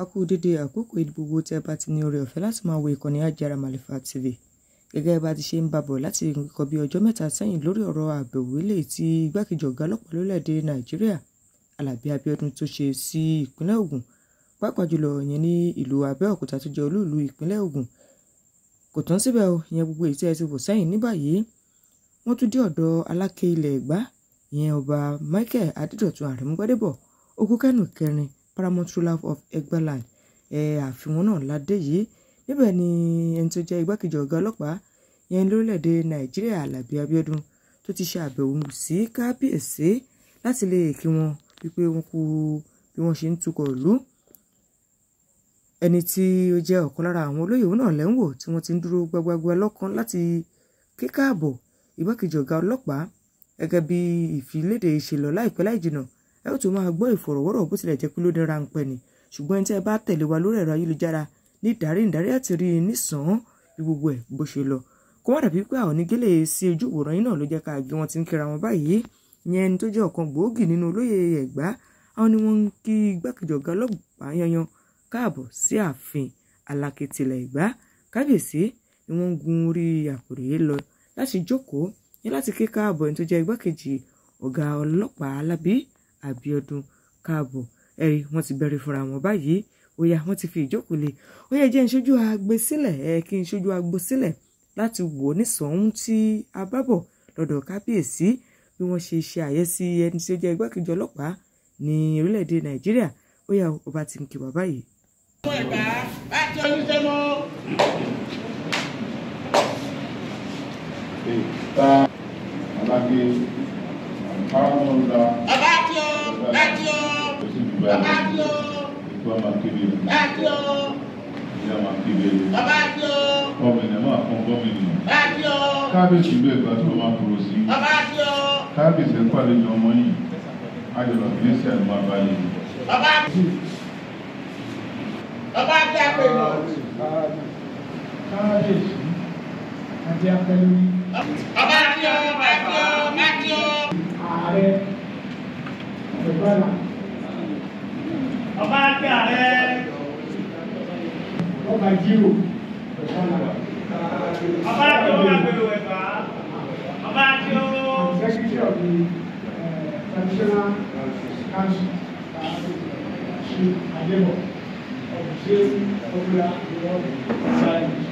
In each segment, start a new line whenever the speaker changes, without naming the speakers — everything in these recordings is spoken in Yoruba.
a kú dédé àkókò gbogbo tí ẹ bá ti ní oore ọ̀fẹ́ láti máa wo ìkànnì Ajára Màlífà TV gẹ́gẹ́ bá ti ṣe ń babọ̀ láti nǹkan bí ọjọ́ mẹ́ta sẹ́yìn lórí ọ̀rọ̀ àbẹ̀wò eléyìí tí igbákejì ọ̀gá ọlọ́pàá lórílẹ̀‐èdè Nàìjíríà Alábí Abíọ́dún tó ṣe sí ìpínlẹ̀ Ògùn pàápàá jùlọ ìyẹn ní ìlú Abẹ́òkúta tó jẹ́ olúìlú ìpínlẹ̀ Ògùn kò tán síbẹ̀ o ìyẹn gbogbo èyí tí ẹ ti wò sẹ́yìn ní báyìí wọ́n tún dé ọ̀dọ̀ Aláké ilẹ̀ Ẹ̀gbá ìyẹn ọba Michael Adédọ̀tun Àrẹ̀mú Gbádébọ̀ okú kẹ́nù kẹrin paramount ruler of Egbaland àfihàn náà ládé yìí níbẹ̀ ni ẹni tó jẹ́ igbákejì ọ̀gá ọlọ́pàá yẹn lórílẹ̀‐èdè Nàìjíríà Alábí Abíọ́dún tó ti ṣe àbẹ̀wò sí kábíyèsí láti lè kí wọn wípé wọn kú bí wọ́n ṣe ń tukọ̀ ìlú ẹni tí ó jẹ́ ọ̀kan lára àwọn olóyè òun náà lẹ́wọ̀ tí wọ́n ti ń dúró gbagbagba lọ́kàn láti kí igbákejì ọ̀gá ọlọ́pàá gẹ́gẹ́ bí ìfiléde ìṣèlọ láìpẹ́ láìjìnà ẹ ó tún máa gbọ́ ìfọ̀rọ̀wọ́rọ̀ bó tilẹ̀ jẹ́ pé ló dára ń pẹ́ ni ṣùgbọ́n ẹni tí ẹ bá tẹ̀lé wa lórí ẹ̀rọ ayélujára ní ìdarí ìdarí àti rí i nísàn-án bí gbogbo ẹ̀ bó ṣe lọ kó má dàbí pé àwọn onígélé sí ojú ìwòran yìí náà ló jẹ́ ká gé wọn ti ń kíra wọn báyìí ìyẹn ẹni tó jẹ́ ọ̀kan gbòógì nínú olóyè Ẹ̀gbá àwọn ni wọ́n ń kí igbákejì ọ̀gá ọlọ́pàá yanyan káàbọ̀ sí ààfin alákìtìlẹ̀ Ẹ̀gbá kábíyèsí ni wọ́n ń gun orí àkùrè lọ láti jókòó ní láti kí káàbọ̀ ẹni tó jẹ́ igbákejì ọ̀gá ọlọ́pàá alábí Abiodun káàbọ̀ ẹ̀rí wọ́n ti bẹ̀rẹ̀ fúnra wọn báyìí Oya yá wọ́n ti fi ìjókòó lé ó yẹ jẹ́ n ṣojú agbe sílẹ̀ ẹ kí n ṣojú agbo sílẹ̀ láti wò ó nísọ̀hún tí a bá bọ̀ lọ́dọ̀ kábíyèsí bí wọ́n ṣe ṣe àyẹ́sí ẹni tí ó jẹ́ igbákejì ọlọ́pàá ní orílẹ̀-èdè Nàìjíríà ó yá ọba ti ń kí wa báyìí. ọmọ ẹ̀dá
bá jẹ́ oníṣẹ́ mọ́. ìta àlàyé àǹfààní ọ̀la. Dájú o. Kò sí ìdìbò àná. Dájú o. Ikú ọmọ kébé. Dájú o. Ìyá ọmọ kébé. Bàbá àjọ. Ọmọ ènìyàn máa fún gómìnà. Dájú o. Kábíyèsí ìlú Ẹ̀gbá tó máa kúrò sí. Bàbá àjọ. Kábíyèsí ẹ̀kọ́ àlejò ọmọ yìí. Àjọ̀dọ̀ Bílísì àìmọ́ abalẹ̀. Bàbá àjọ. Bàbá àjọ àpèlú. Kábíyèsí àti àpèlú. Bàbá àjọ àjọ àjọ. Ààrẹ ọba pé ààrẹ ọba jíro ọba tí ó wà pẹ̀lú ẹ̀fà ọba tí ó. executive of the uh, traditional council ṣe àyẹ̀wò of the same popular law society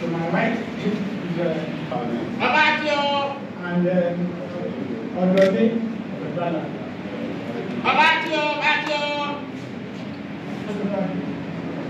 to my right is uh, ọba tí ó. and eh, ọ̀dọ́dín ọ̀dọ́dín.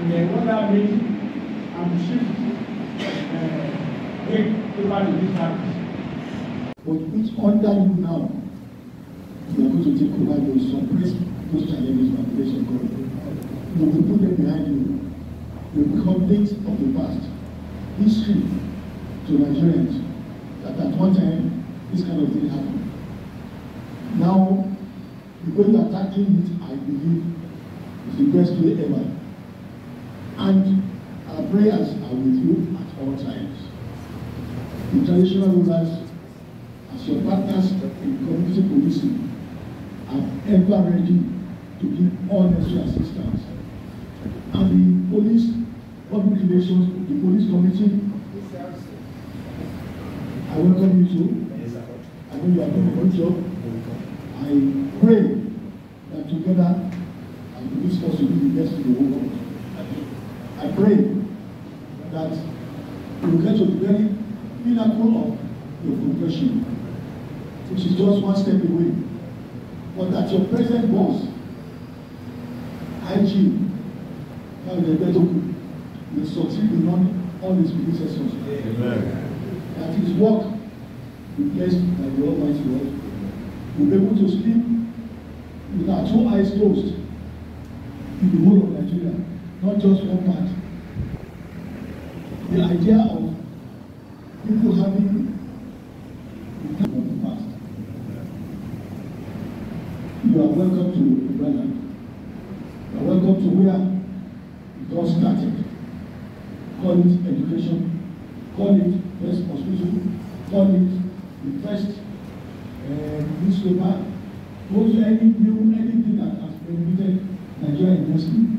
And then uh, what that means, I'm shift uh, big to this service. But it's under you now. You are going to take over those suppress those challenges by the grace of God. You will put them behind you. You will become things of the past. History to Nigerians that at one time this kind of thing happened. Now, the way you are tackling it, I believe, is the best way ever. And our prayers are with you at all times. International traditional rulers, as your partners in community policing, are ever ready to give all necessary assistance. And the police, public relations, the police committee, I welcome you too. I know you are doing a good job. I pray that together, and this also will be the best in the whole world pray that you get a very miracle of your progression, which is just one step away, but that your present boss, IG, Elebetoku, will succeed beyond all his predecessors. Amen. That his work, replaced by the Almighty God, will be able to sleep with our two eyes closed in the whole of Nigeria, not just one part the idea of people having the time of the past. You are welcome to Ghana. You are welcome to where it all started. Call it education, call it first hospital, call it the first uh, newspaper, also any new anything that has benefited Nigeria industry.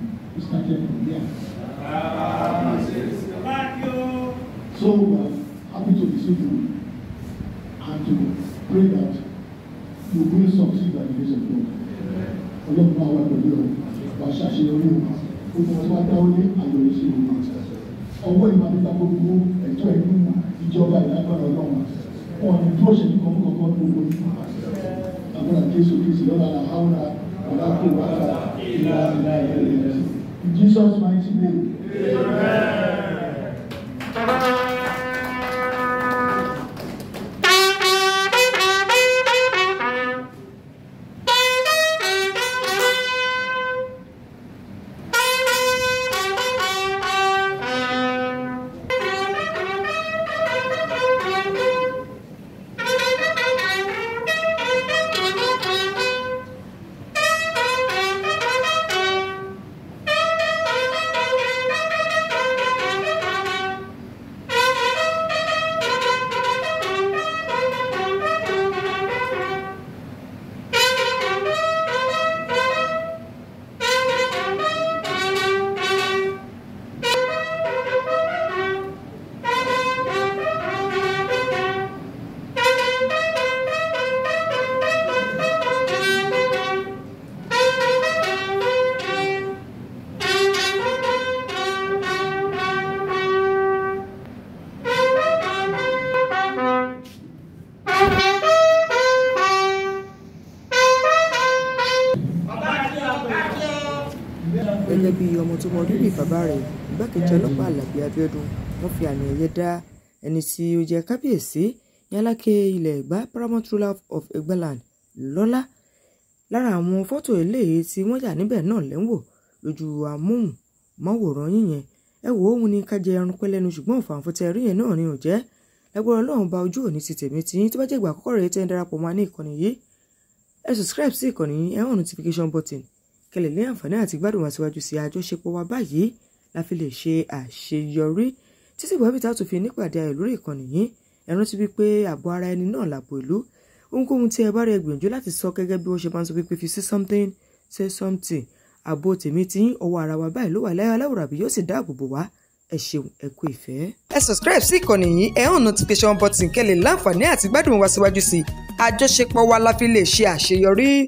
more happy to receive you and to pray that you will succeed by the grace of God. Ọlọ́run máa wà pẹ̀lú ọ, wà á ṣàṣeyọrí o, ó mọ ọdún adáwọ́ ní àyọ̀rí sí o. Ọwọ́ ìmọ̀ nípa gbogbo ẹ̀tọ́ ìlú ìjọba ìlágbára ọlọ́run. Wọ́n ní dúró ṣe ní kọ́kọ́kọ́ ní gbogbo yìí. Àbúrò Jésù Kristi lọ́la àhárà ọ̀làkùnrin wàhálà ìlà ìlà ìlẹ̀. In Jesus' mighty name.
gẹ́gẹ́ bí ọmọ tó mọ rírì bàbá rẹ̀ igbákejì ọlọ́pàá alábí abiodun wọ́n fi àmì ẹ̀yẹ dá ẹni tí ó jẹ́ kábíyèsí yáláké ilẹ̀ ẹ̀gbá paramount ruler of egbaland lọ́lá lára àwọn fọ́tò eléyìí tí wọ́n yà níbẹ̀ náà lẹ́wọ̀ lójú amóhùnmáwòrán yìnyẹn ẹ wò ó ní ká ẹran pẹ́lẹ́nu ṣùgbọ́n òfàǹfọ̀ rí yẹn náà ni ò jẹ́ lágbára ọlọ́run ba ojú òní ti tèmi tí tó bá jẹ́ ìgbà àkọ́kọ́ rẹ̀ tẹ́ ń darapọ̀ mọ́ ní ìkànnì yìí ẹ subscribe sí ìkànnì yìí ẹ hàn notification button kẹ́ lè ní àǹfààní àti gbádùn àtiwájú sí àjọṣepọ̀ wa báyìí la fi lè ṣe àṣeyọrí títí ìgbà bíi tá a tún fi nípàdé ayọ̀ lórí ìkànnì yìí ẹ rántí wípé ààbò ara ẹni náà làbò ìlú ohunkóhun tí ẹ bá rí ẹgbìyànjú láti sọ gẹ́gẹ́ bí wọ́n ṣe máa ń sọ wípé fi sí something say something ààbò tèmi ti yín ọwọ́ ara wa báyìí ló wà láyọ̀ aláwòrán àbí yóò sì dáàbò bò wá ẹ ṣeun ẹ kú ìfẹ́. ẹ subscribe sí ìkànnì yìí ẹ hàn notification button kẹ́ lè láǹfààní àti gbádùn wa síwájú sí i àjọṣepọ̀ wa la fi lè ṣe àṣeyọrí.